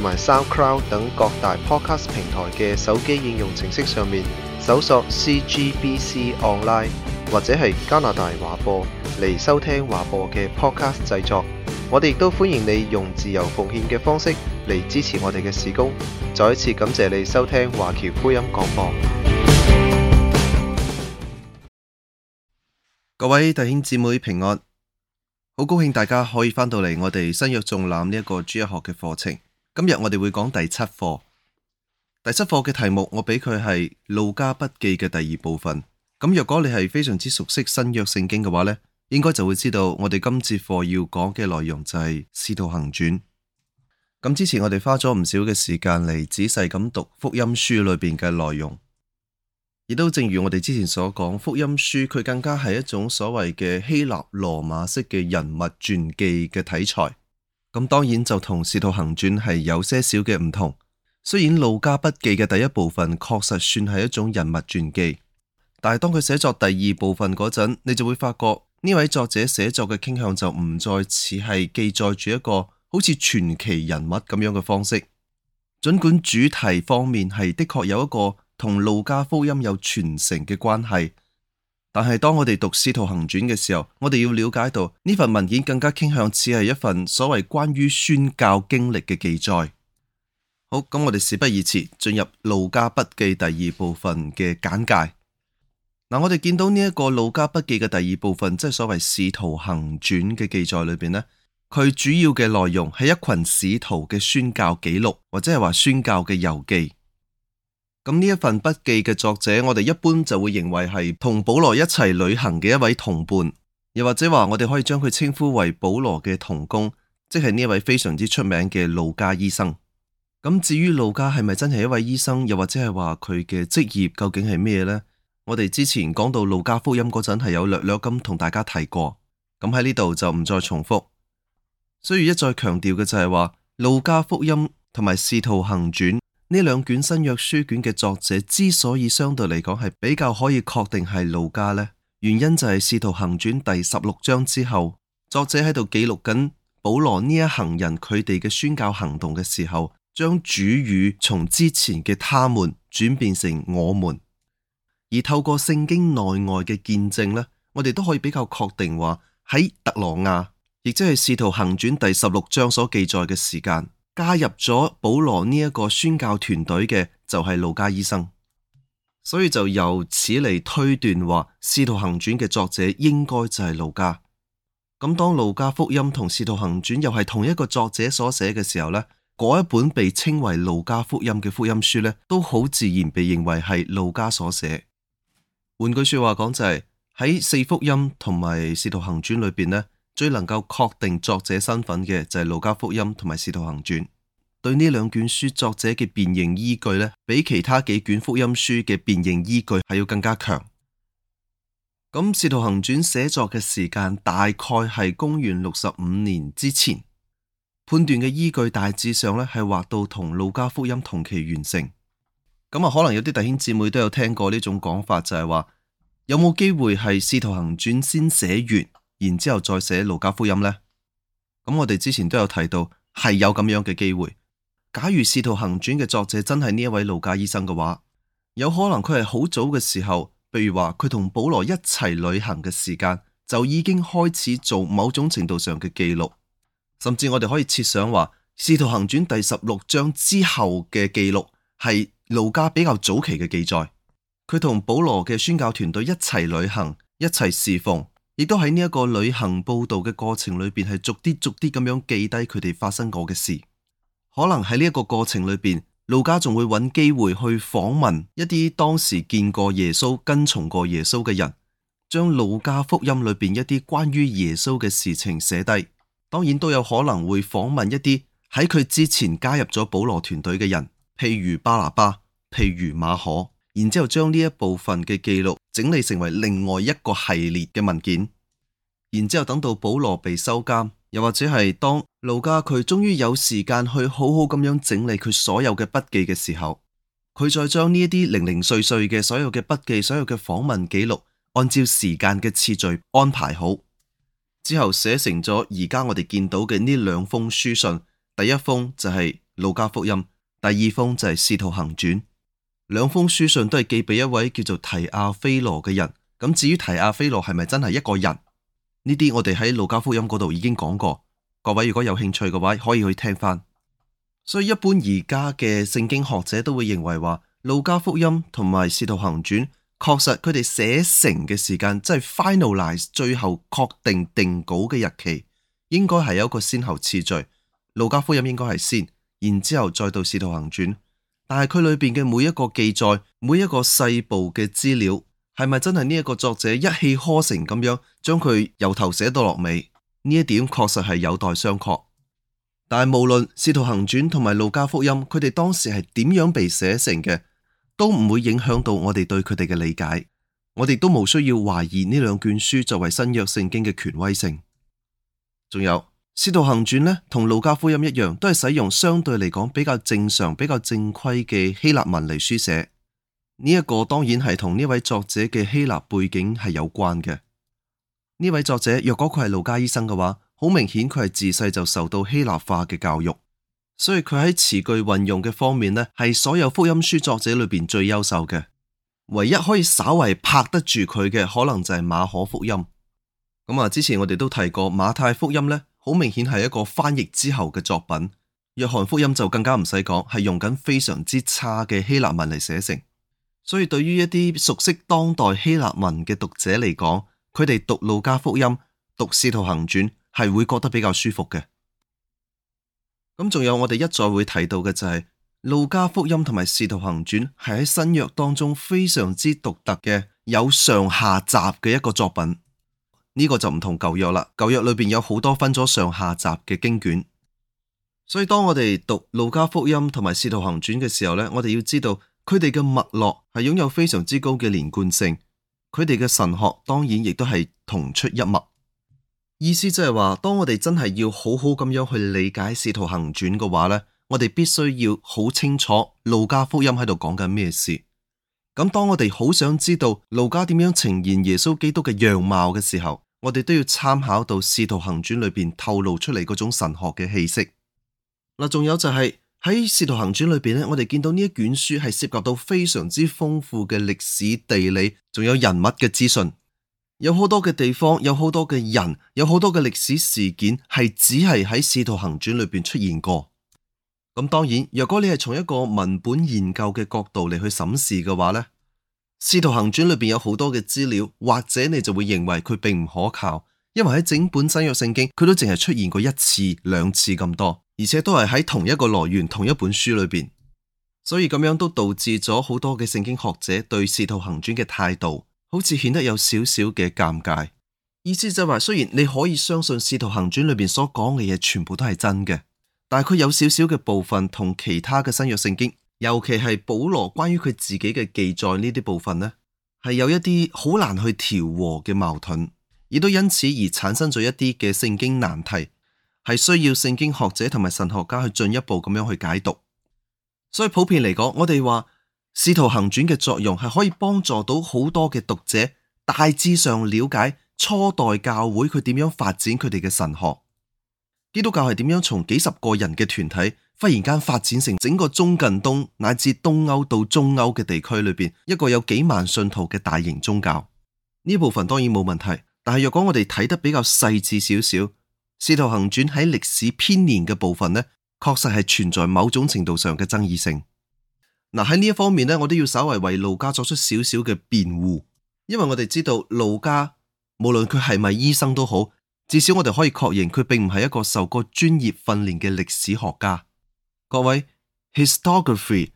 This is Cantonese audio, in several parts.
同埋 SoundCloud 等各大 Podcast 平台嘅手機應用程式上面，搜索 CGBC Online 或者係加拿大華播嚟收聽華播嘅 Podcast 製作。我哋亦都歡迎你用自由奉獻嘅方式嚟支持我哋嘅事工。再一次感謝你收聽華僑福音廣播。各位弟兄姊妹平安，好高興大家可以翻到嚟我哋新約綜覽呢一個 G 一學嘅課程。今日我哋會講第七課，第七課嘅題目我畀佢係《路加筆記》嘅第二部分。咁若果你係非常之熟悉新約聖經嘅話呢，應該就會知道我哋今節課要講嘅內容就係《使徒行傳》。咁之前我哋花咗唔少嘅時間嚟仔細咁讀福音書裏邊嘅內容，亦都正如我哋之前所講，福音書佢更加係一種所謂嘅希臘羅馬式嘅人物傳記嘅題材。咁當然就同《使徒行傳》係有些少嘅唔同。雖然《路加筆記》嘅第一部分確實算係一種人物傳記，但係當佢寫作第二部分嗰陣，你就會發覺呢位作者寫作嘅傾向就唔再似係記載住一個好似傳奇人物咁樣嘅方式。儘管主題方面係的確有一個同《路加福音》有傳承嘅關係。但係當我哋讀《使徒行傳》嘅時候，我哋要了解到呢份文件更加傾向似係一份所謂關於宣教經歷嘅記載。好，咁我哋事不宜遲，進入《路加筆記》第二部分嘅簡介。嗱、嗯，我哋見到呢、這、一個《路加筆記》嘅第二部分，即係所謂《使徒行傳》嘅記載裏邊呢，佢主要嘅內容係一群使徒嘅宣教記錄，或者係話宣教嘅遊記。咁呢一份筆記嘅作者，我哋一般就會認為係同保羅一齊旅行嘅一位同伴，又或者話我哋可以將佢稱呼為保羅嘅同工，即係呢一位非常之出名嘅路加醫生。咁至於路加係咪真係一位醫生，又或者係話佢嘅職業究竟係咩呢？我哋之前講到路加福音嗰陣係有略略咁同大家提過，咁喺呢度就唔再重複。所以一再強調嘅就係話路加福音同埋使徒行傳。呢兩卷新約書卷嘅作者之所以相對嚟講係比較可以確定係路加呢，原因就係《使徒行傳》第十六章之後，作者喺度記錄緊保羅呢一行人佢哋嘅宣教行動嘅時候，將主語從之前嘅他們轉變成我們，而透過聖經內外嘅見證呢，我哋都可以比較確定話喺特羅亞，亦即係《使徒行傳》第十六章所記載嘅時間。加入咗保羅呢一個宣教團隊嘅就係路加醫生，所以就由此嚟推斷話《使徒行傳》嘅作者應該就係路加。咁當路加福音同《使徒行傳》又係同一個作者所寫嘅時候，呢嗰一本被稱為路加福音嘅福音書呢，都好自然被認為係路加所寫。換句說話講就係喺四福音同埋《使徒行傳》裏邊呢，最能夠確定作者身份嘅就係路加福音同埋《使徒行傳》，對呢兩卷書作者嘅辨認依據咧，比其他幾卷福音書嘅辨認依據係要更加強。咁《使徒行傳》寫作嘅時間大概係公元六十五年之前，判斷嘅依據大致上咧係劃到同路加福音同期完成。咁啊，可能有啲弟兄姊妹都有聽過呢種講法，就係話有冇機會係《使徒行傳》先寫完。然之後再寫路加福音呢。咁我哋之前都有提到，係有咁樣嘅機會。假如使徒行傳嘅作者真係呢一位路加醫生嘅話，有可能佢係好早嘅時候，譬如話佢同保羅一齊旅行嘅時間就已經開始做某種程度上嘅記錄，甚至我哋可以設想話，使徒行傳第十六章之後嘅記錄係路加比較早期嘅記載，佢同保羅嘅宣教團隊一齊旅行，一齊侍奉。亦都喺呢一個旅行報道嘅過程裏邊，係逐啲逐啲咁樣記低佢哋發生過嘅事。可能喺呢一個過程裏邊，路加仲會搵機會去訪問一啲當時見過耶穌、跟從過耶穌嘅人，將路加福音裏邊一啲關於耶穌嘅事情寫低。當然都有可能會訪問一啲喺佢之前加入咗保羅團隊嘅人，譬如巴拿巴，譬如馬可，然之後將呢一部分嘅記錄。整理成為另外一個系列嘅文件，然之後等到保羅被收監，又或者係當路加佢終於有時間去好好咁樣整理佢所有嘅筆記嘅時候，佢再將呢一啲零零碎碎嘅所有嘅筆記、所有嘅訪問記錄，按照時間嘅次序安排好之後，寫成咗而家我哋見到嘅呢兩封書信，第一封就係路加福音，第二封就係使徒行傳。兩封書信都係寄畀一位叫做提阿非羅嘅人。咁至於提阿非羅係咪真係一個人？呢啲我哋喺路加福音嗰度已經講過。各位如果有興趣嘅話，可以去聽翻。所以一般而家嘅聖經學者都會認為話，路加福音同埋使徒行傳確實佢哋寫成嘅時間，即係 finalize 最後確定定稿嘅日期，應該係有一個先後次序。路加福音應該係先，然之後再到使徒行傳。但係佢裏邊嘅每一個記載，每一個細部嘅資料，係咪真係呢一個作者一氣呵成咁樣將佢由頭寫到落尾？呢一點確實係有待商榷。但係無論《使徒行傳》同埋《路加福音》，佢哋當時係點樣被寫成嘅，都唔會影響到我哋對佢哋嘅理解。我哋都無需要懷疑呢兩卷書作為新約聖經嘅權威性。仲有。《使徒行傳》呢，同路加福音一樣，都係使用相對嚟講比較正常、比較正規嘅希臘文嚟書寫。呢、這、一個當然係同呢位作者嘅希臘背景係有關嘅。呢位作者若果佢係路加醫生嘅話，好明顯佢係自細就受到希臘化嘅教育，所以佢喺詞句運用嘅方面呢，係所有福音書作者裏邊最優秀嘅。唯一可以稍為拍得住佢嘅，可能就係馬可福音。咁啊，之前我哋都提過馬太福音呢。好明顯係一個翻譯之後嘅作品，約翰福音就更加唔使講，係用緊非常之差嘅希臘文嚟寫成，所以對於一啲熟悉當代希臘文嘅讀者嚟講，佢哋讀路加福音、讀使徒行傳係會覺得比較舒服嘅。咁仲有我哋一再會提到嘅就係、係、路加福音同埋使徒行傳係喺新約當中非常之獨特嘅有上下集嘅一個作品。呢個就唔同舊約啦，舊約裏邊有好多分咗上下集嘅經卷，所以當我哋讀路加福音同埋使徒行傳嘅時候呢，我哋要知道佢哋嘅脈絡係擁有非常之高嘅連貫性，佢哋嘅神學當然亦都係同出一脈。意思即係話，當我哋真係要好好咁樣去理解使徒行傳嘅話呢，我哋必須要好清楚路加福音喺度講緊咩事。咁當我哋好想知道路加點樣呈現耶穌基督嘅樣貌嘅時候，我哋都要參考到《使徒行傳》裏邊透露出嚟嗰種神學嘅氣息。嗱，仲有就係、是、喺《使徒行傳》裏邊咧，我哋見到呢一卷書係涉及到非常之豐富嘅歷史、地理，仲有人物嘅資訊。有好多嘅地方，有好多嘅人，有好多嘅歷史事件係只係喺《使徒行傳》裏邊出現過。咁當然，若果你係從一個文本研究嘅角度嚟去審視嘅話咧。使徒行傳裏邊有好多嘅資料，或者你就會認為佢並唔可靠，因為喺整本新約聖經，佢都淨係出現過一次、兩次咁多，而且都係喺同一個來源、同一本書裏邊，所以咁樣都導致咗好多嘅聖經學者對使徒行傳嘅態度，好似顯得有少少嘅尷尬。意思就係、是、話，雖然你可以相信使徒行傳裏邊所講嘅嘢，全部都係真嘅，但係佢有少少嘅部分同其他嘅新約聖經。尤其係保羅關於佢自己嘅記載呢啲部分呢，係有一啲好難去調和嘅矛盾，亦都因此而產生咗一啲嘅聖經難題，係需要聖經學者同埋神學家去進一步咁樣去解讀。所以普遍嚟講，我哋話使徒行傳嘅作用係可以幫助到好多嘅讀者大致上了解初代教會佢點樣發展佢哋嘅神學，基督教係點樣從幾十個人嘅團體。忽然間發展成整個中近東乃至東歐到中歐嘅地區裏邊一個有幾萬信徒嘅大型宗教，呢部分當然冇問題，但係若果我哋睇得比較細緻少少，使徒行傳喺歷史編年嘅部分咧，確實係存在某種程度上嘅爭議性。嗱，喺呢一方面呢，我都要稍微為路加作出少少嘅辯護，因為我哋知道路加無論佢係咪醫生都好，至少我哋可以確認佢並唔係一個受過專業訓練嘅歷史學家。各位，Histography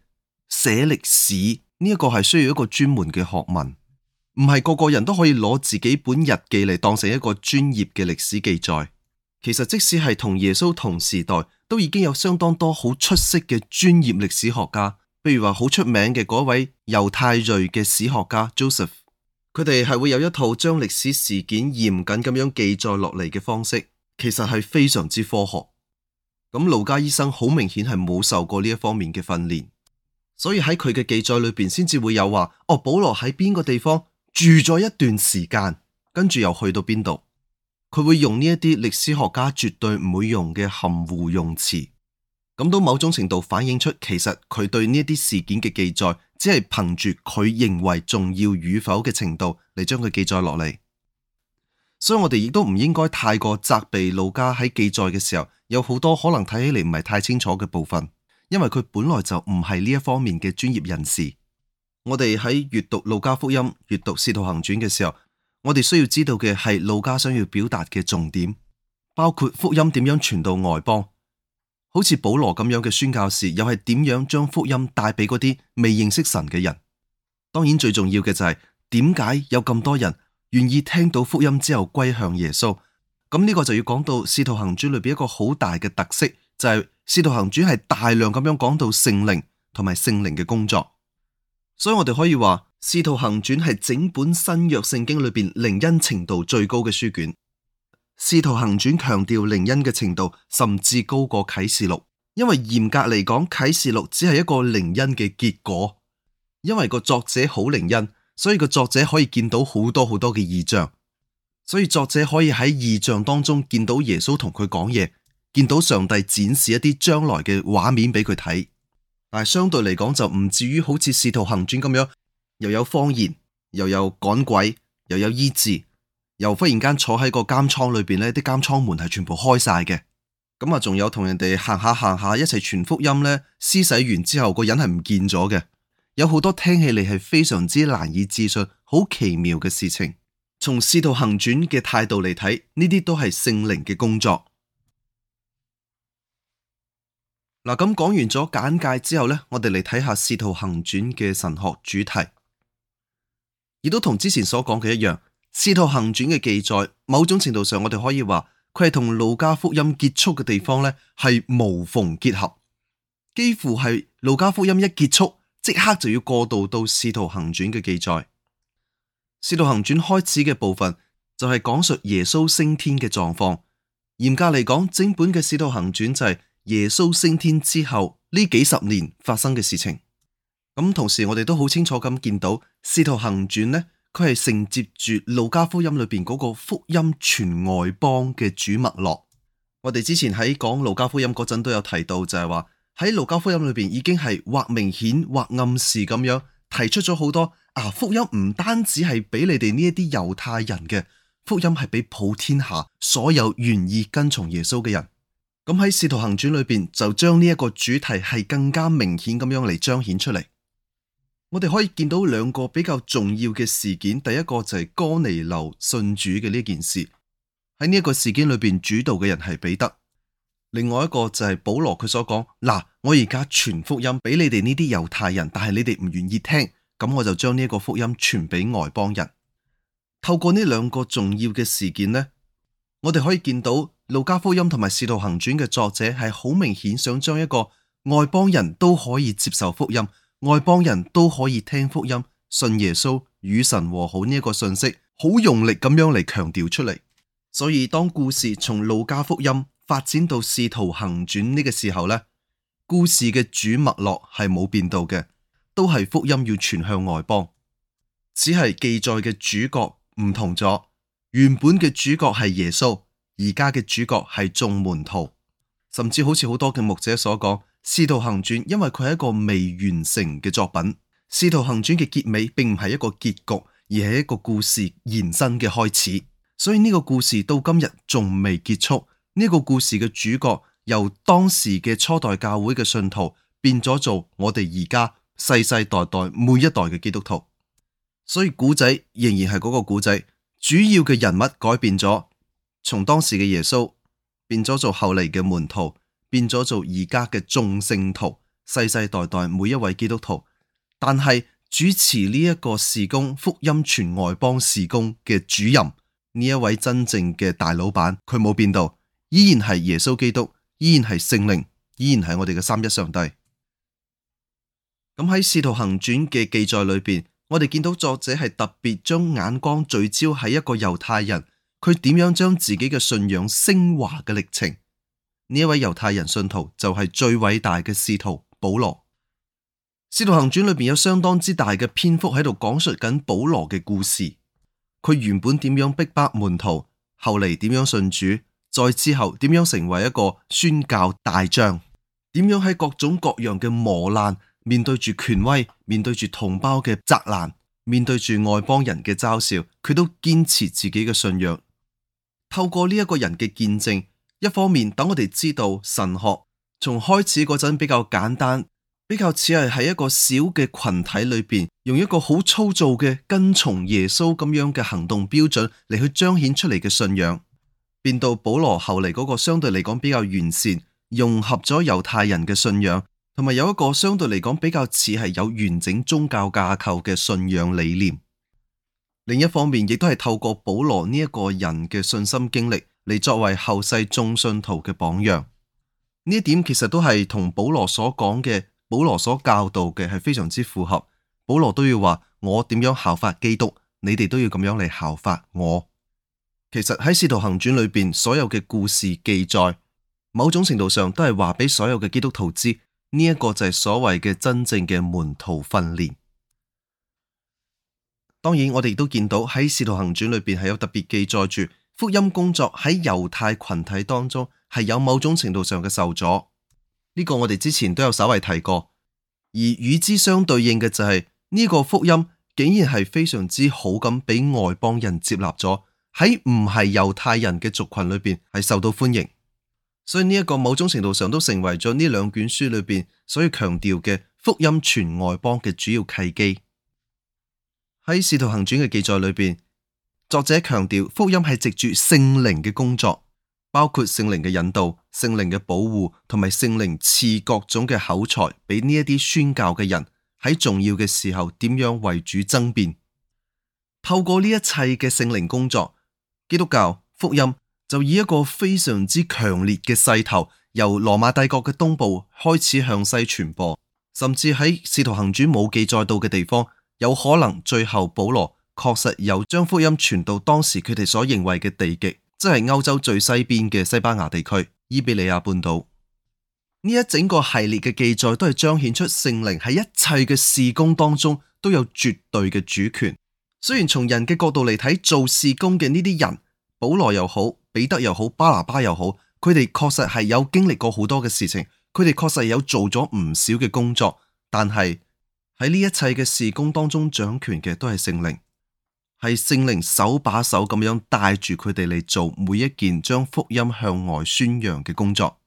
寫歷史呢一、這個係需要一個專門嘅學問，唔係個個人都可以攞自己本日記嚟，當成一個專業嘅歷史記載。其實即使係同耶穌同時代，都已經有相當多好出色嘅專業歷史學家，比如話好出名嘅嗰位猶太裔嘅史學家 Joseph，佢哋係會有一套將歷史事件嚴謹咁樣記載落嚟嘅方式，其實係非常之科學。咁路加醫生好明顯係冇受過呢一方面嘅訓練，所以喺佢嘅記載裏邊，先至會有話哦，保羅喺邊個地方住咗一段時間，跟住又去到邊度，佢會用呢一啲歷史學家絕對唔會用嘅含糊用詞，咁都某種程度反映出，其實佢對呢啲事件嘅記載，只係憑住佢認為重要與否嘅程度嚟將佢記載落嚟。所以我哋亦都唔應該太過責備路加喺記載嘅時候有好多可能睇起嚟唔係太清楚嘅部分，因為佢本來就唔係呢一方面嘅專業人士。我哋喺閱讀路加福音、閱讀《使徒行傳》嘅時候，我哋需要知道嘅係路加想要表達嘅重點，包括福音點樣傳到外邦，好似保羅咁樣嘅宣教士又係點樣將福音帶俾嗰啲未認識神嘅人。當然最重要嘅就係點解有咁多人，願意聽到福音之後歸向耶穌，咁呢個就要講到《使徒行傳》裏邊一個好大嘅特色，就係《使徒行傳》係大量咁樣講到聖靈同埋聖靈嘅工作，所以我哋可以話《使徒行傳》係整本新約聖經裏邊靈恩程度最高嘅書卷，《使徒行傳》強調靈恩嘅程度甚至高過《啟示錄》，因為嚴格嚟講，《啟示錄》只係一個靈恩嘅結果，因為個作者好靈恩。所以個作者可以見到好多好多嘅異象，所以作者可以喺異象當中見到耶穌同佢講嘢，見到上帝展示一啲將來嘅畫面俾佢睇，但係相對嚟講就唔至於好似試圖行轉咁樣，又有方言，又有趕鬼，又有醫治，又忽然間坐喺個監倉裏邊，呢啲監倉門係全部開晒嘅。咁啊仲有同人哋行下行下一齊傳福音呢？施洗完之後個人係唔見咗嘅。有好多聽起嚟係非常之難以置信、好奇妙嘅事情。從《使徒行傳》嘅態度嚟睇，呢啲都係聖靈嘅工作。嗱，咁講完咗簡介之後呢，我哋嚟睇下《使徒行傳》嘅神學主題。亦都同之前所講嘅一樣，《使徒行傳》嘅記載，某種程度上我哋可以話佢係同路加福音結束嘅地方呢，係無縫結合，幾乎係路加福音一結束。即刻就要過渡到《使徒行傳》嘅記載，《使徒行傳》開始嘅部分就係講述耶穌升天嘅狀況。嚴格嚟講，整本嘅《使徒行傳》就係耶穌升天之後呢幾十年發生嘅事情。咁同時，我哋都好清楚咁見到《使徒行傳》呢，佢係承接住《路加福音》裏邊嗰個福音傳外邦嘅主脈絡。我哋之前喺講《路加福音》嗰陣都有提到就，就係話。喺路加福音裏邊已經係或明顯或暗示咁樣提出咗好多啊！福音唔單止係俾你哋呢一啲猶太人嘅，福音係俾普天下所有願意跟從耶穌嘅人。咁喺《使徒行傳》裏邊就將呢一個主題係更加明顯咁樣嚟彰顯出嚟。我哋可以見到兩個比較重要嘅事件，第一個就係哥尼流信主嘅呢件事。喺呢一個事件裏邊主導嘅人係彼得。另外一個就係保羅佢所講嗱，我而家傳福音俾你哋呢啲猶太人，但係你哋唔願意聽，咁我就將呢個福音傳俾外邦人。透過呢兩個重要嘅事件呢，我哋可以見到路加福音同埋使徒行傳嘅作者係好明顯想將一個外邦人都可以接受福音，外邦人都可以聽福音、信耶穌與神和好呢個訊息，好用力咁樣嚟強調出嚟。所以當故事從路加福音，發展到《使徒行傳》呢個時候呢，故事嘅主脈絡係冇變到嘅，都係福音要傳向外邦，只係記載嘅主角唔同咗。原本嘅主角係耶穌，而家嘅主角係眾門徒，甚至好似好多嘅牧者所講，《使徒行傳》因為佢係一個未完成嘅作品，《使徒行傳》嘅結尾並唔係一個結局，而係一個故事延伸嘅開始，所以呢個故事到今日仲未結束。呢個故事嘅主角由當時嘅初代教會嘅信徒變咗做我哋而家世世代代每一代嘅基督徒，所以古仔仍然係嗰個古仔，主要嘅人物改變咗，從當時嘅耶穌變咗做後嚟嘅門徒，變咗做而家嘅眾聖徒，世世代代每一位基督徒。但係主持呢一個事工，福音傳外邦事工嘅主任，呢一位真正嘅大老闆，佢冇變到。依然係耶穌基督，依然係聖靈，依然係我哋嘅三一上帝。咁喺《使徒行傳》嘅記載裏邊，我哋見到作者係特別將眼光聚焦喺一個猶太人，佢點樣將自己嘅信仰升華嘅歷程。呢一位猶太人信徒就係最偉大嘅使徒保羅。《使徒行傳》裏邊有相當之大嘅篇幅喺度講述緊保羅嘅故事。佢原本點樣逼迫門徒，後嚟點樣信主。再之後，點樣成為一個宣教大將？點樣喺各種各樣嘅磨難，面對住權威，面對住同胞嘅責難，面對住外邦人嘅嘲笑，佢都堅持自己嘅信仰。透過呢一個人嘅見證，一方面等我哋知道神學從開始嗰陣比較簡單，比較似係喺一個小嘅群體裏邊，用一個好粗糙嘅跟從耶穌咁樣嘅行動標準嚟去彰顯出嚟嘅信仰。變到保羅後嚟嗰個相對嚟講比較完善，融合咗猶太人嘅信仰，同埋有一個相對嚟講比較似係有完整宗教架構嘅信仰理念。另一方面，亦都係透過保羅呢一個人嘅信心經歷嚟作為後世眾信徒嘅榜樣。呢一點其實都係同保羅所講嘅，保羅所教導嘅係非常之符合。保羅都要話我點樣效法基督，你哋都要咁樣嚟效法我。其實喺《使徒行傳》裏邊，所有嘅故事記載，某種程度上都係話畀所有嘅基督徒知，呢、這、一個就係所謂嘅真正嘅門徒訓練。當然，我哋亦都見到喺《使徒行傳》裏邊係有特別記載住，福音工作喺猶太群體當中係有某種程度上嘅受阻。呢、這個我哋之前都有稍微提過，而與之相對應嘅就係、是、呢、這個福音竟然係非常之好咁俾外邦人接納咗。喺唔係猶太人嘅族群裏邊係受到歡迎，所以呢一個某種程度上都成為咗呢兩卷書裏邊所要強調嘅福音傳外邦嘅主要契機。喺《使徒行傳》嘅記載裏邊，作者強調福音係藉住聖靈嘅工作，包括聖靈嘅引導、聖靈嘅保護同埋聖靈賜各種嘅口才俾呢一啲宣教嘅人喺重要嘅時候點樣為主爭辯。透過呢一切嘅聖靈工作。基督教福音就以一個非常之強烈嘅勢頭，由羅馬帝國嘅東部開始向西傳播，甚至喺使徒行傳冇記載到嘅地方，有可能最後保羅確實有將福音傳到當時佢哋所認為嘅地極，即係歐洲最西邊嘅西班牙地區伊比利亞半島。呢一整個系列嘅記載都係彰顯出聖靈喺一切嘅事工當中都有絕對嘅主權。雖然從人嘅角度嚟睇，做事工嘅呢啲人，保羅又好，彼得又好，巴拿巴又好，佢哋確實係有經歷過好多嘅事情，佢哋確實有做咗唔少嘅工作，但係喺呢一切嘅事工當中掌權嘅都係聖靈，係聖靈手把手咁樣帶住佢哋嚟做每一件將福音向外宣揚嘅工作，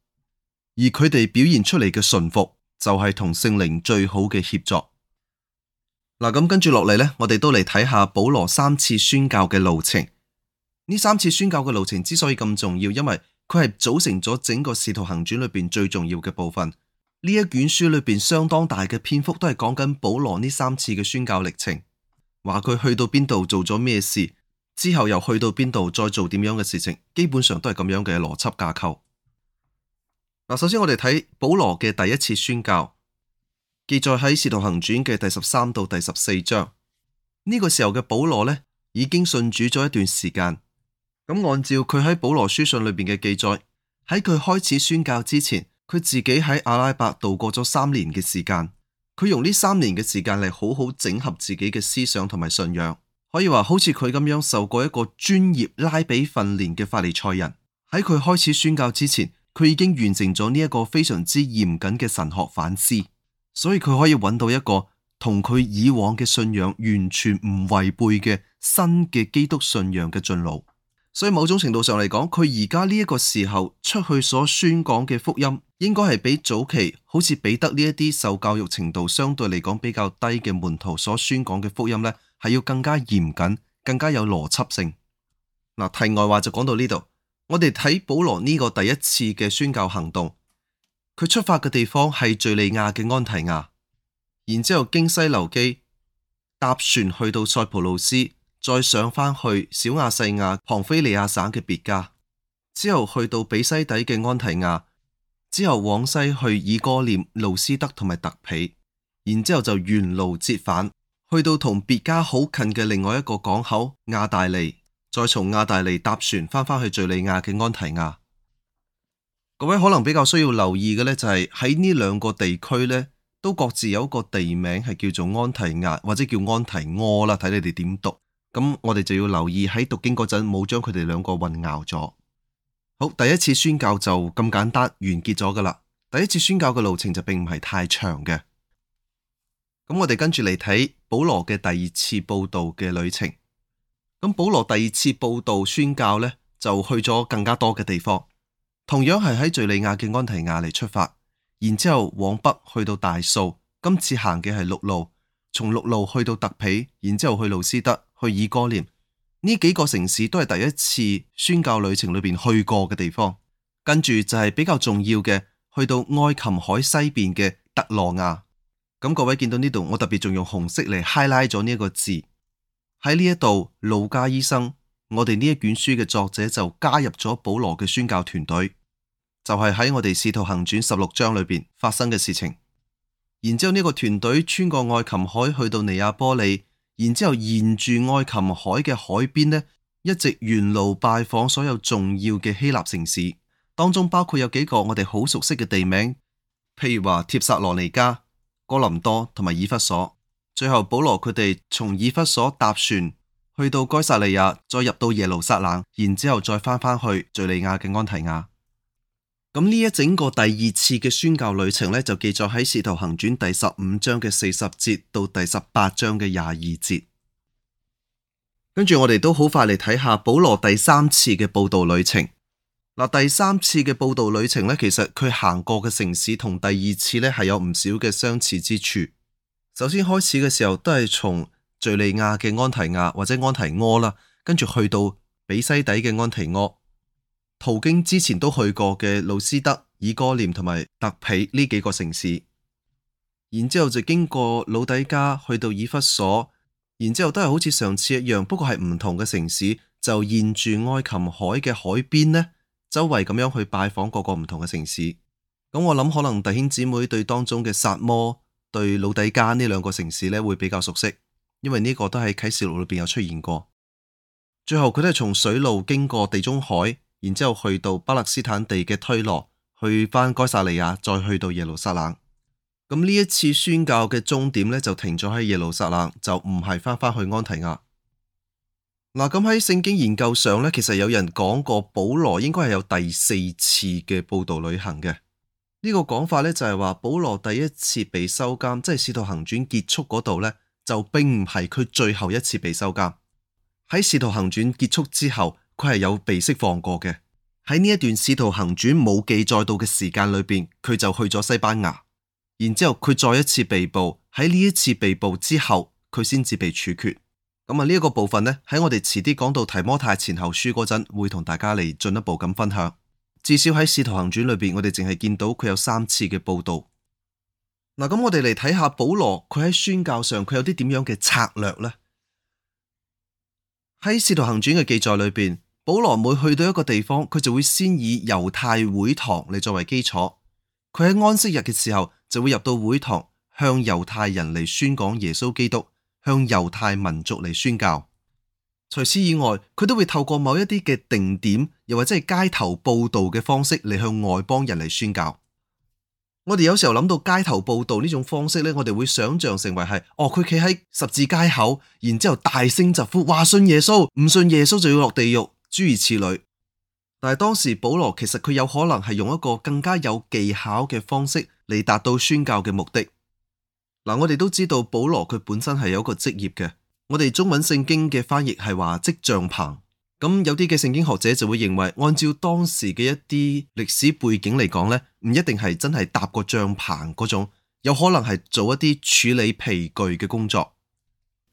而佢哋表現出嚟嘅順服就係同聖靈最好嘅協作。嗱，咁跟住落嚟呢，我哋都嚟睇下保羅三次宣教嘅路程。呢三次宣教嘅路程之所以咁重要，因為佢係組成咗整個使徒行傳裏邊最重要嘅部分。呢一卷書裏邊相當大嘅篇幅都係講緊保羅呢三次嘅宣教歷程，話佢去到邊度做咗咩事，之後又去到邊度再做點樣嘅事情，基本上都係咁樣嘅邏輯架構。嗱，首先我哋睇保羅嘅第一次宣教。記載喺《使徒行傳》嘅第十三到第十四章呢，這個時候嘅保羅呢，已經信主咗一段時間。咁按照佢喺保羅書信裏邊嘅記載，喺佢開始宣教之前，佢自己喺阿拉伯度過咗三年嘅時間。佢用呢三年嘅時間嚟好好整合自己嘅思想同埋信仰，可以話好似佢咁樣受過一個專業拉比訓練嘅法利賽人。喺佢開始宣教之前，佢已經完成咗呢一個非常之嚴謹嘅神學反思。所以佢可以揾到一個同佢以往嘅信仰完全唔違背嘅新嘅基督信仰嘅進路。所以某種程度上嚟講，佢而家呢一個時候出去所宣講嘅福音，應該係比早期好似彼得呢一啲受教育程度相對嚟講比較低嘅門徒所宣講嘅福音呢，係要更加嚴謹、更加有邏輯性。嗱，題外話就講到呢度。我哋睇保羅呢個第一次嘅宣教行動。佢出發嘅地方係敘利亞嘅安提亞，然之後經西流基，搭船去到塞浦路斯，再上返去小亞細亞旁非利亞省嘅別家，之後去到比西底嘅安提亞，之後往西去以哥念、路斯德同埋特皮，然之後就原路折返，去到同別家好近嘅另外一個港口亞大利，再從亞大利搭船返返去敘利亞嘅安提亞。各位可能比較需要留意嘅呢，就係喺呢兩個地區呢，都各自有一個地名係叫做安提阿或者叫安提阿啦。睇你哋點讀，咁我哋就要留意喺讀經嗰陣冇將佢哋兩個混淆咗。好，第一次宣教就咁簡單完結咗噶啦。第一次宣教嘅路程就並唔係太長嘅。咁我哋跟住嚟睇保羅嘅第二次布道嘅旅程。咁保羅第二次布道宣教呢，就去咗更加多嘅地方。同樣係喺敘利亞嘅安提亞嚟出發，然之後往北去到大數，今次行嘅係陸路，從陸路去到特皮，然之後去路斯德，去以哥念，呢幾個城市都係第一次宣教旅程裏邊去過嘅地方。跟住就係比較重要嘅，去到愛琴海西邊嘅特羅亞。咁各位見到呢度，我特別仲用紅色嚟 highlight 咗呢一個字，喺呢一度路加醫生我哋呢一卷書嘅作者就加入咗保羅嘅宣教團隊，就係喺我哋使徒行傳十六章裏邊發生嘅事情。然之後呢個團隊穿過愛琴海去到尼亞波利，然之後沿住愛琴海嘅海邊呢，一直沿路拜訪所有重要嘅希臘城市，當中包括有幾個我哋好熟悉嘅地名，譬如話帖撒羅尼加、哥林多同埋以弗所。最後保羅佢哋從以弗所搭船。去到該撒利亞，再入到耶路撒冷，然之後再返返去敘利亞嘅安提亞。咁呢一整個第二次嘅宣教旅程呢，就記載喺《使徒行傳》第十五章嘅四十節到第十八章嘅廿二節。跟住我哋都好快嚟睇下，保羅第三次嘅佈道旅程。嗱，第三次嘅佈道旅程呢，其實佢行過嘅城市同第二次呢係有唔少嘅相似之處。首先開始嘅時候都係從敘利亞嘅安提亞或者安提阿啦，跟住去到比西底嘅安提阿，途經之前都去過嘅路斯德、以哥念同埋特皮呢幾個城市，然之後就經過老底加去到以弗所，然之後都係好似上次一樣，不過係唔同嘅城市，就沿住愛琴海嘅海邊呢周圍咁樣去拜訪各個唔同嘅城市。咁、嗯、我諗可能弟兄姊妹對當中嘅撒摩、對老底加呢兩個城市呢會比較熟悉。因為呢個都喺啟示錄裏邊有出現過，最後佢都係從水路經過地中海，然之後去到巴勒斯坦地嘅推羅，去翻該撒利亞，再去到耶路撒冷。咁呢一次宣教嘅終點呢，就停咗喺耶路撒冷，就唔係翻返去安提阿。嗱，咁喺聖經研究上呢，其實有人講過保羅應該係有第四次嘅佈道旅行嘅。呢個講法呢，就係話保羅第一次被收監，即係使徒行傳結束嗰度呢。就並唔係佢最後一次被收監。喺《使徒行傳》結束之後，佢係有被釋放過嘅。喺呢一段《使徒行傳》冇記載到嘅時間裏邊，佢就去咗西班牙。然之後佢再一次被捕。喺呢一次被捕之後，佢先至被處決。咁啊呢一個部分呢，喺我哋遲啲講到提摩太前後書嗰陣，會同大家嚟進一步咁分享。至少喺《使徒行傳》裏邊，我哋淨係見到佢有三次嘅報道。嗱，咁我哋嚟睇下保羅佢喺宣教上佢有啲點樣嘅策略咧？喺《使徒行傳》嘅記載裏邊，保羅每去到一個地方，佢就會先以猶太會堂嚟作為基礎。佢喺安息日嘅時候就會入到會堂，向猶太人嚟宣講耶穌基督，向猶太民族嚟宣教。除此以外，佢都會透過某一啲嘅定點，又或者係街頭佈道嘅方式嚟向外邦人嚟宣教。我哋有時候諗到街頭佈道呢種方式咧，我哋會想象成為係，哦，佢企喺十字街口，然之後大聲疾呼，話信耶穌，唔信耶穌就要落地獄，諸如此類。但係當時保羅其實佢有可能係用一個更加有技巧嘅方式嚟達到宣教嘅目的。嗱、嗯，我哋都知道保羅佢本身係有一個職業嘅，我哋中文聖經嘅翻譯係話織帳棚。咁有啲嘅聖經學者就會認為，按照當時嘅一啲歷史背景嚟講咧，唔一定係真係搭個帳篷嗰種，有可能係做一啲處理皮具嘅工作，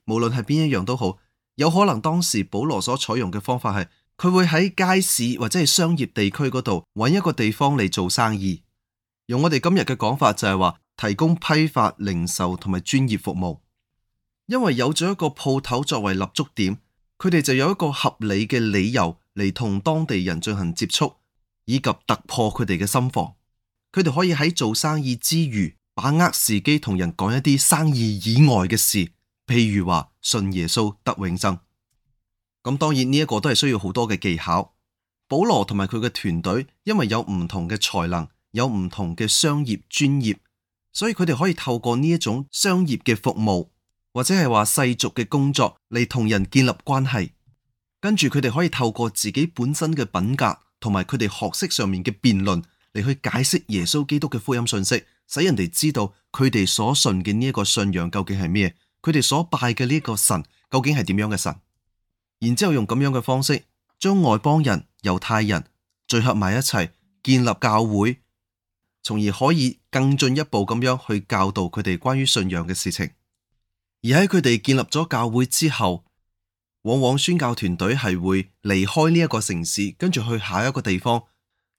無論係邊一樣都好，有可能當時保羅所採用嘅方法係，佢會喺街市或者係商業地區嗰度揾一個地方嚟做生意，用我哋今日嘅講法就係話，提供批發、零售同埋專業服務，因為有咗一個鋪頭作為立足點。佢哋就有一個合理嘅理由嚟同當地人進行接觸，以及突破佢哋嘅心防。佢哋可以喺做生意之餘，把握時機同人講一啲生意以外嘅事，譬如話信耶穌得永生。咁當然呢一個都係需要好多嘅技巧。保羅同埋佢嘅團隊，因爲有唔同嘅才能，有唔同嘅商業專業，所以佢哋可以透過呢一種商業嘅服務。或者係話世俗嘅工作嚟，同人建立關係，跟住佢哋可以透過自己本身嘅品格同埋佢哋學識上面嘅辯論嚟去解釋耶穌基督嘅福音信息，使人哋知道佢哋所信嘅呢一個信仰究竟係咩，佢哋所拜嘅呢個神究竟係點樣嘅神。然之後用咁樣嘅方式將外邦人、猶太人聚合埋一齊，建立教會，從而可以更進一步咁樣去教導佢哋關於信仰嘅事情。而喺佢哋建立咗教會之後，往往宣教團隊係會離開呢一個城市，跟住去下一個地方，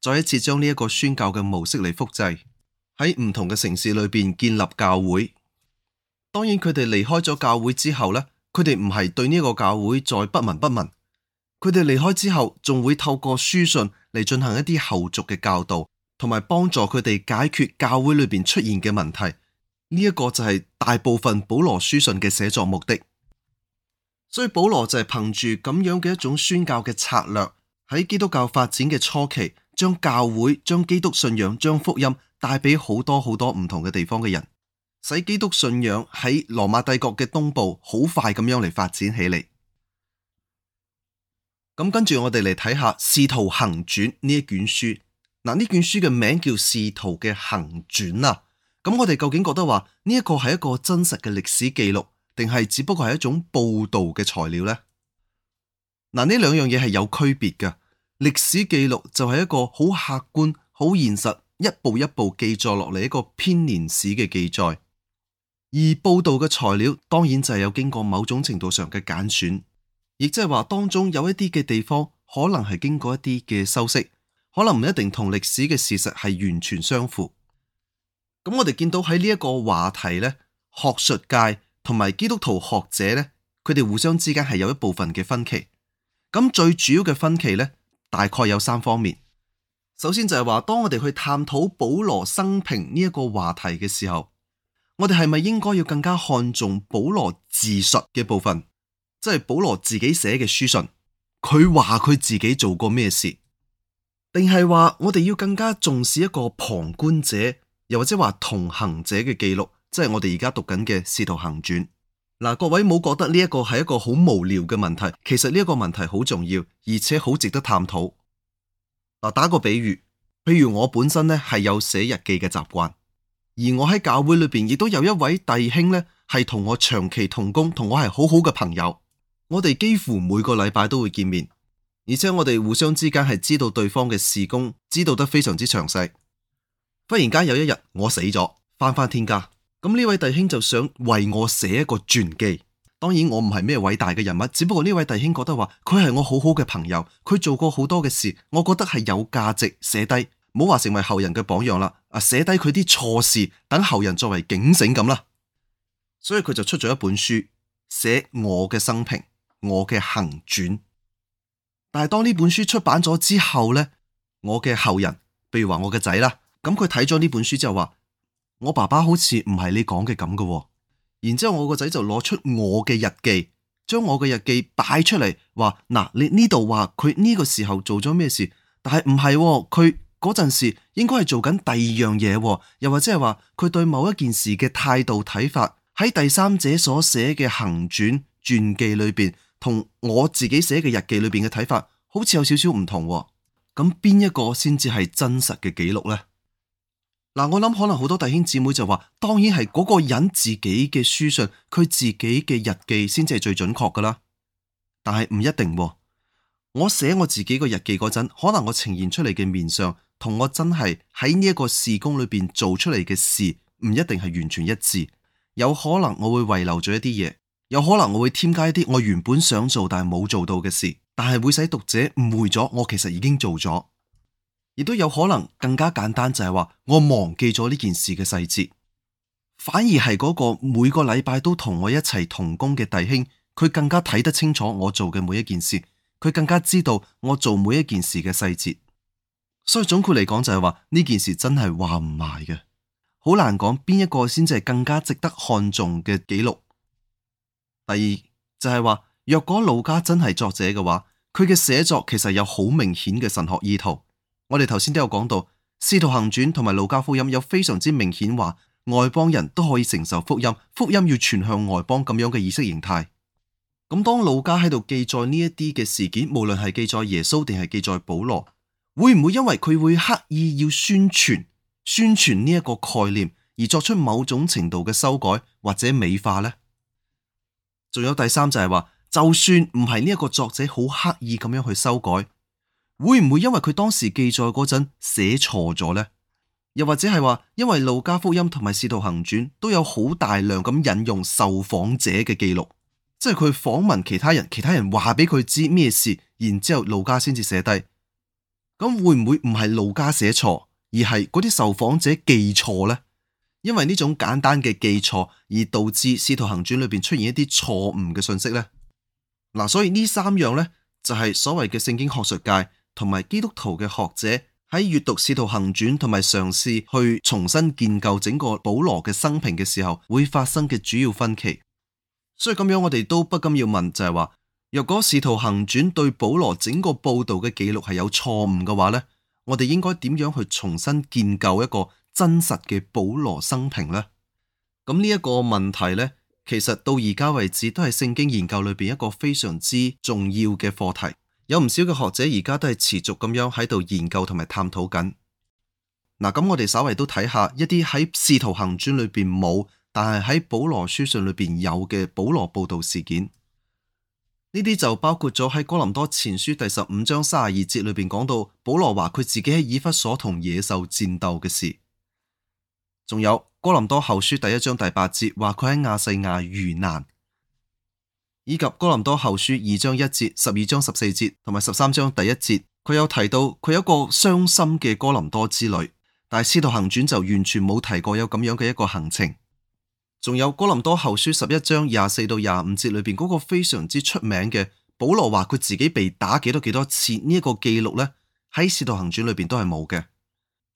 再一次將呢一個宣教嘅模式嚟複製喺唔同嘅城市裏邊建立教會。當然，佢哋離開咗教會之後咧，佢哋唔係對呢個教會再不聞不問。佢哋離開之後，仲會透過書信嚟進行一啲後續嘅教導，同埋幫助佢哋解決教會裏邊出現嘅問題。呢一個就係大部分保羅書信嘅寫作目的，所以保羅就係憑住咁樣嘅一種宣教嘅策略，喺基督教發展嘅初期，將教會、將基督信仰、將福音帶俾好多好多唔同嘅地方嘅人，使基督信仰喺羅馬帝國嘅東部好快咁樣嚟發展起嚟。咁跟住我哋嚟睇下《使徒行傳》呢一卷書，嗱，呢卷書嘅名叫《使徒嘅行傳》啊。咁我哋究竟覺得話呢一個係一個真實嘅歷史記錄，定係只不過係一種報道嘅材料呢？嗱，呢兩樣嘢係有區別嘅。歷史記錄就係一個好客觀、好現實，一步一步記載落嚟一個編年史嘅記載。而報道嘅材料，當然就係有經過某種程度上嘅揀選，亦即係話當中有一啲嘅地方可能係經過一啲嘅修飾，可能唔一定同歷史嘅事實係完全相符。咁我哋見到喺呢一個話題呢，學術界同埋基督徒學者呢，佢哋互相之間係有一部分嘅分歧。咁最主要嘅分歧呢，大概有三方面。首先就係話，當我哋去探討保羅生平呢一個話題嘅時候，我哋係咪應該要更加看重保羅自述嘅部分，即係保羅自己寫嘅書信，佢話佢自己做過咩事？定係話我哋要更加重視一個旁觀者？又或者話同行者嘅記錄，即係我哋而家讀緊嘅《使徒行傳》。嗱，各位冇覺得呢一個係一個好無聊嘅問題？其實呢一個問題好重要，而且好值得探討。嗱，打個比喻，譬如我本身呢係有寫日記嘅習慣，而我喺教會裏邊亦都有一位弟兄呢係同我長期同工，同我係好好嘅朋友。我哋幾乎每個禮拜都會見面，而且我哋互相之間係知道對方嘅事工，知道得非常之詳細。忽然間有一日，我死咗，翻翻天家。咁呢位弟兄就想為我寫一個傳記。當然我唔係咩偉大嘅人物，只不過呢位弟兄覺得話佢係我好好嘅朋友，佢做過好多嘅事，我覺得係有價值寫低。唔好話成為後人嘅榜樣啦，啊寫低佢啲錯事，等後人作為警醒咁啦。所以佢就出咗一本書，寫我嘅生平，我嘅行傳。但係當呢本書出版咗之後呢，我嘅後人，譬如話我嘅仔啦。咁佢睇咗呢本書之後話，我爸爸好似唔係你講嘅咁噶，然之後我個仔就攞出我嘅日記，將我嘅日記擺出嚟，話嗱，你呢度話佢呢個時候做咗咩事，但係唔係，佢嗰陣時應該係做緊第二樣嘢喎，又或者係話佢對某一件事嘅態度睇法，喺第三者所寫嘅行傳傳記裏邊，同我自己寫嘅日記裏邊嘅睇法，好似有少少唔同喎，咁邊一個先至係真實嘅記錄咧？嗱，我諗可能好多弟兄姊妹就話，當然係嗰個人自己嘅書信，佢自己嘅日記先至係最準確噶啦。但係唔一定啊。我寫我自己個日記嗰陣，可能我呈現出嚟嘅面上，同我真係喺呢一個事工裏邊做出嚟嘅事，唔一定係完全一致。有可能我會遺留咗一啲嘢，有可能我會添加一啲我原本想做但係冇做到嘅事，但係會使讀者誤會咗我其實已經做咗。亦都有可能更加簡單，就係話我忘記咗呢件事嘅細節，反而係嗰個每個禮拜都同我一齊同工嘅弟兄，佢更加睇得清楚我做嘅每一件事，佢更加知道我做每一件事嘅細節。所以總括嚟講就係話呢件事真係話唔埋嘅，好難講邊一個先至係更加值得看重嘅記錄。第二就係話，若果路加真係作者嘅話，佢嘅寫作其實有好明顯嘅神學意圖。我哋頭先都有講到《使徒行傳》同埋《路加福音》有非常之明顯話外邦人都可以承受福音，福音要傳向外邦咁樣嘅意識形態。咁當路加喺度記載呢一啲嘅事件，無論係記載耶穌定係記載保羅，會唔會因為佢會刻意要宣傳宣傳呢一個概念而作出某種程度嘅修改或者美化呢？仲有第三就係話，就算唔係呢一個作者好刻意咁樣去修改。會唔會因為佢當時記載嗰陣寫錯咗呢？又或者係話因為路加福音同埋《使徒行傳》都有好大量咁引用受訪者嘅記錄，即係佢訪問其他人，其他人話俾佢知咩事，然之後路加先至寫低。咁會唔會唔係路加寫錯，而係嗰啲受訪者記錯呢？因為呢種簡單嘅記錯而導致《使徒行傳》裏邊出現一啲錯誤嘅信息呢？嗱、啊，所以呢三樣呢，就係、是、所謂嘅聖經學術界。同埋基督徒嘅學者喺閱讀《使徒行傳》同埋嘗試去重新建構整個保羅嘅生平嘅時候，會發生嘅主要分歧。所以咁樣，我哋都不禁要問就，就係話，若果《使徒行傳》對保羅整個報道嘅記錄係有錯誤嘅話呢，我哋應該點樣去重新建構一個真實嘅保羅生平呢？」咁呢一個問題呢，其實到而家為止都係聖經研究裏邊一個非常之重要嘅課題。有唔少嘅學者而家都係持續咁樣喺度研究同埋探討緊。嗱，咁我哋稍微都睇下一啲喺《使徒行傳》裏邊冇，但係喺保羅書信裏邊有嘅保羅報道事件。呢啲就包括咗喺《哥林多前書》第十五章三十二節裏邊講到保羅話佢自己喺以弗所同野獸戰鬥嘅事。仲有《哥林多後書》第一章第八節話佢喺亞細亞遇難。以及哥林多後書二章一節、十二章十四節同埋十三章第一節，佢有提到佢有一個傷心嘅哥林多之旅，但係《使徒行傳》就完全冇提過有咁樣嘅一個行程。仲有哥林多後書十一章廿四到廿五節裏邊嗰個非常之出名嘅保羅話佢自己被打幾多幾多次呢一個記錄呢，喺《使徒行傳》裏邊都係冇嘅。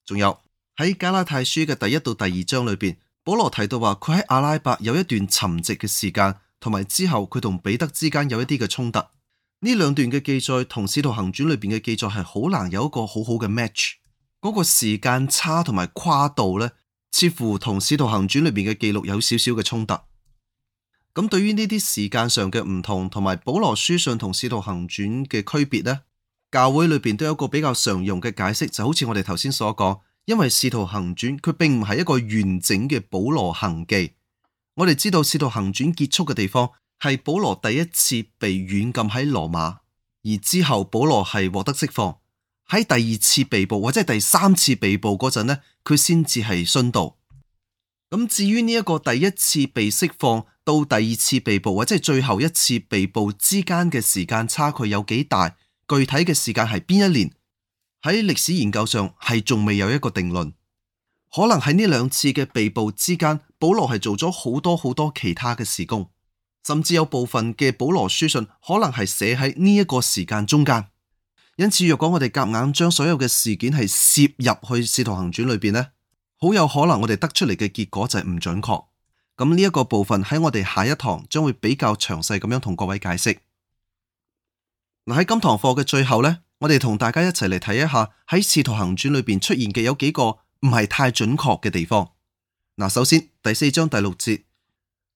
仲有喺加拉太書嘅第一到第二章裏邊，保羅提到話佢喺阿拉伯有一段沉寂嘅時間。同埋之後，佢同彼得之間有一啲嘅衝突。呢兩段嘅記載同《使徒行傳》裏邊嘅記載係好難有一個好好嘅 match。嗰個時間差同埋跨度呢，似乎同《使徒行傳》裏邊嘅記錄有少少嘅衝突。咁對於呢啲時間上嘅唔同，同埋保羅書信同《使徒行傳》嘅區別呢，教會裏邊都有一個比較常用嘅解釋，就好似我哋頭先所講，因為《使徒行傳》佢並唔係一個完整嘅保羅行記。我哋知道，使徒行傳結束嘅地方係保羅第一次被軟禁喺羅馬，而之後保羅係獲得釋放，喺第二次被捕或者第三次被捕嗰陣呢，佢先至係殉道。咁至於呢一個第一次被釋放到第二次被捕或者係最後一次被捕之間嘅時間差距有幾大，具體嘅時間係邊一年？喺歷史研究上係仲未有一個定論，可能喺呢兩次嘅被捕之間。保羅係做咗好多好多其他嘅事工，甚至有部分嘅保羅書信可能係寫喺呢一個時間中間。因此，若果我哋夾硬硬將所有嘅事件係攝入去圖《使徒行傳》裏邊呢，好有可能我哋得出嚟嘅結果就係唔準確。咁呢一個部分喺我哋下一堂將會比較詳細咁樣同各位解釋。嗱，喺今堂課嘅最後呢，我哋同大家一齊嚟睇一下喺《使徒行傳》裏邊出現嘅有幾個唔係太準確嘅地方。嗱，首先第四章第六節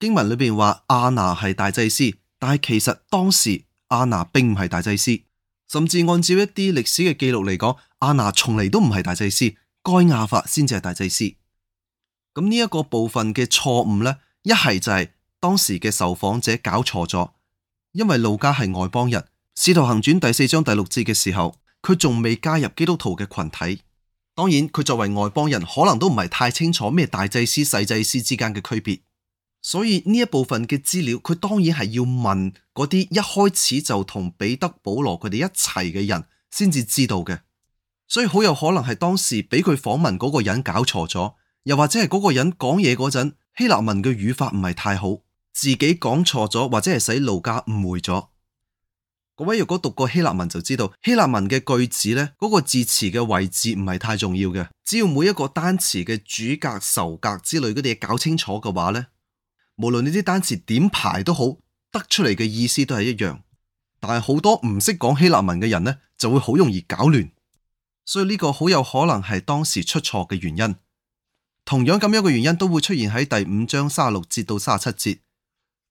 經文裏邊話亞拿係大祭司，但係其實當時亞拿並唔係大祭司，甚至按照一啲歷史嘅記錄嚟講，亞拿從嚟都唔係大祭司，該亞法先至係大祭司。咁呢一個部分嘅錯誤咧，一係就係當時嘅受訪者搞錯咗，因為路加係外邦人，使徒行傳第四章第六節嘅時候，佢仲未加入基督徒嘅群體。當然，佢作為外邦人，可能都唔係太清楚咩大祭司、細祭司之間嘅區別，所以呢一部分嘅資料，佢當然係要問嗰啲一開始就同彼得、保羅佢哋一齊嘅人先至知道嘅，所以好有可能係當時俾佢訪問嗰個人搞錯咗，又或者係嗰個人講嘢嗰陣希臘文嘅語法唔係太好，自己講錯咗，或者係使路加誤會咗。各位如果讀過希臘文，就知道希臘文嘅句子呢，嗰個字詞嘅位置唔係太重要嘅，只要每一個單詞嘅主格、受格之類嗰啲嘢搞清楚嘅話呢，無論呢啲單詞點排都好，得出嚟嘅意思都係一樣。但係好多唔識講希臘文嘅人呢，就會好容易搞亂，所以呢個好有可能係當時出錯嘅原因。同樣咁樣嘅原因都會出現喺第五章三十六節到三十七節。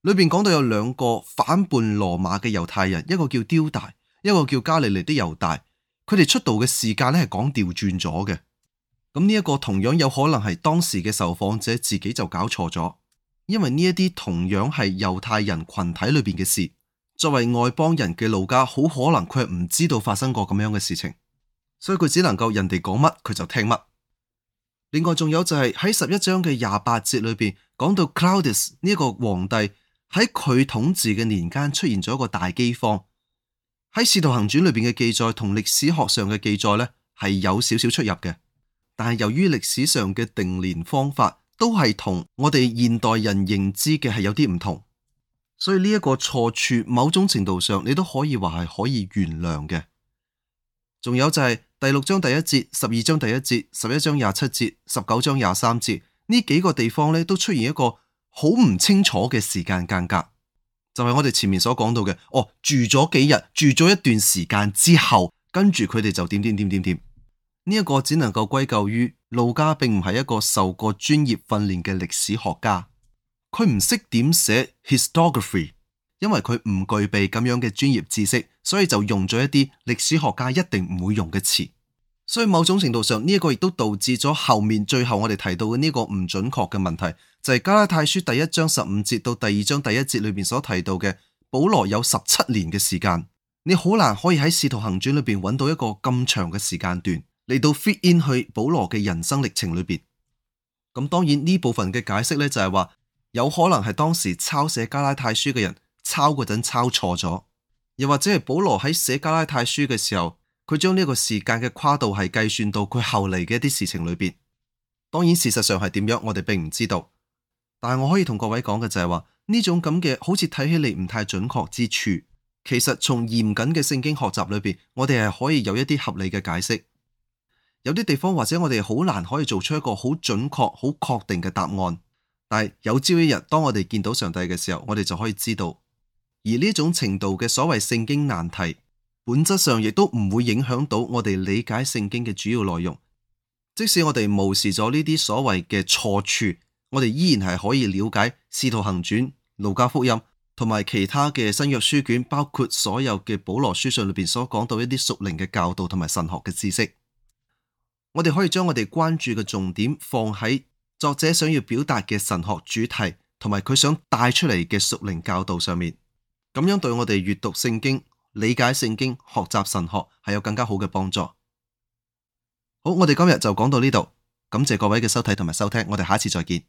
裏邊講到有兩個反叛羅馬嘅猶太人，一個叫丟大，一個叫加利利的猶大。佢哋出道嘅時間咧係講調轉咗嘅。咁呢一個同樣有可能係當時嘅受訪者自己就搞錯咗，因為呢一啲同樣係猶太人群體裏邊嘅事，作為外邦人嘅路加，好可能佢係唔知道發生過咁樣嘅事情，所以佢只能夠人哋講乜佢就聽乜。另外仲有就係喺十一章嘅廿八節裏邊講到 Claudius 呢一個皇帝。喺佢統治嘅年間出現咗一個大饑荒，喺《使徒行傳》裏邊嘅記載同歷史學上嘅記載呢，係有少少出入嘅，但係由於歷史上嘅定年方法都係同我哋現代人認知嘅係有啲唔同，所以呢一個錯處某種程度上你都可以話係可以原諒嘅。仲有就係第六章第一節、十二章第一節、十一章廿七節、十九章廿三節呢幾個地方呢，都出現一個好唔清楚嘅時間間隔，就係我哋前面所講到嘅。哦，住咗幾日，住咗一段時間之後，跟住佢哋就點點點點點。呢一個只能夠歸咎於路加並唔係一個受過專業訓練嘅歷史學家，佢唔識點寫 histography，因為佢唔具備咁樣嘅專業知識，所以就用咗一啲歷史學家一定唔會用嘅詞。所以某種程度上呢一個亦都導致咗後面最後我哋提到嘅呢個唔準確嘅問題，就係加拉太書第一章十五節到第二章第一節裏面所提到嘅保羅有十七年嘅時間，你好難可以喺使徒行傳裏邊揾到一個咁長嘅時間段嚟到 fit in 去保羅嘅人生歷程裏邊。咁當然呢部分嘅解釋呢，就係話有可能係當時抄寫加拉太書嘅人抄嗰陣抄錯咗，又或者係保羅喺寫加拉太書嘅時候。佢將呢個時間嘅跨度係計算到佢後嚟嘅一啲事情裏邊，當然事實上係點樣，我哋並唔知道。但係我可以同各位講嘅就係話，呢種咁嘅好似睇起嚟唔太準確之處，其實從嚴謹嘅聖經學習裏邊，我哋係可以有一啲合理嘅解釋。有啲地方或者我哋好難可以做出一個好準確、好確定嘅答案。但係有朝一日當我哋見到上帝嘅時候，我哋就可以知道。而呢種程度嘅所謂聖經難題。本質上亦都唔會影響到我哋理解聖經嘅主要內容。即使我哋無視咗呢啲所謂嘅錯處，我哋依然係可以了解《使徒行傳》、《路加福音》同埋其他嘅新約書卷，包括所有嘅保羅書信裏邊所講到一啲屬靈嘅教導同埋神學嘅知識。我哋可以將我哋關注嘅重點放喺作者想要表達嘅神學主題同埋佢想帶出嚟嘅屬靈教導上面。咁樣對我哋閱讀聖經。理解聖經、學習神學係有更加好嘅幫助。好，我哋今日就講到呢度，感謝各位嘅收睇同埋收聽，我哋下次再見。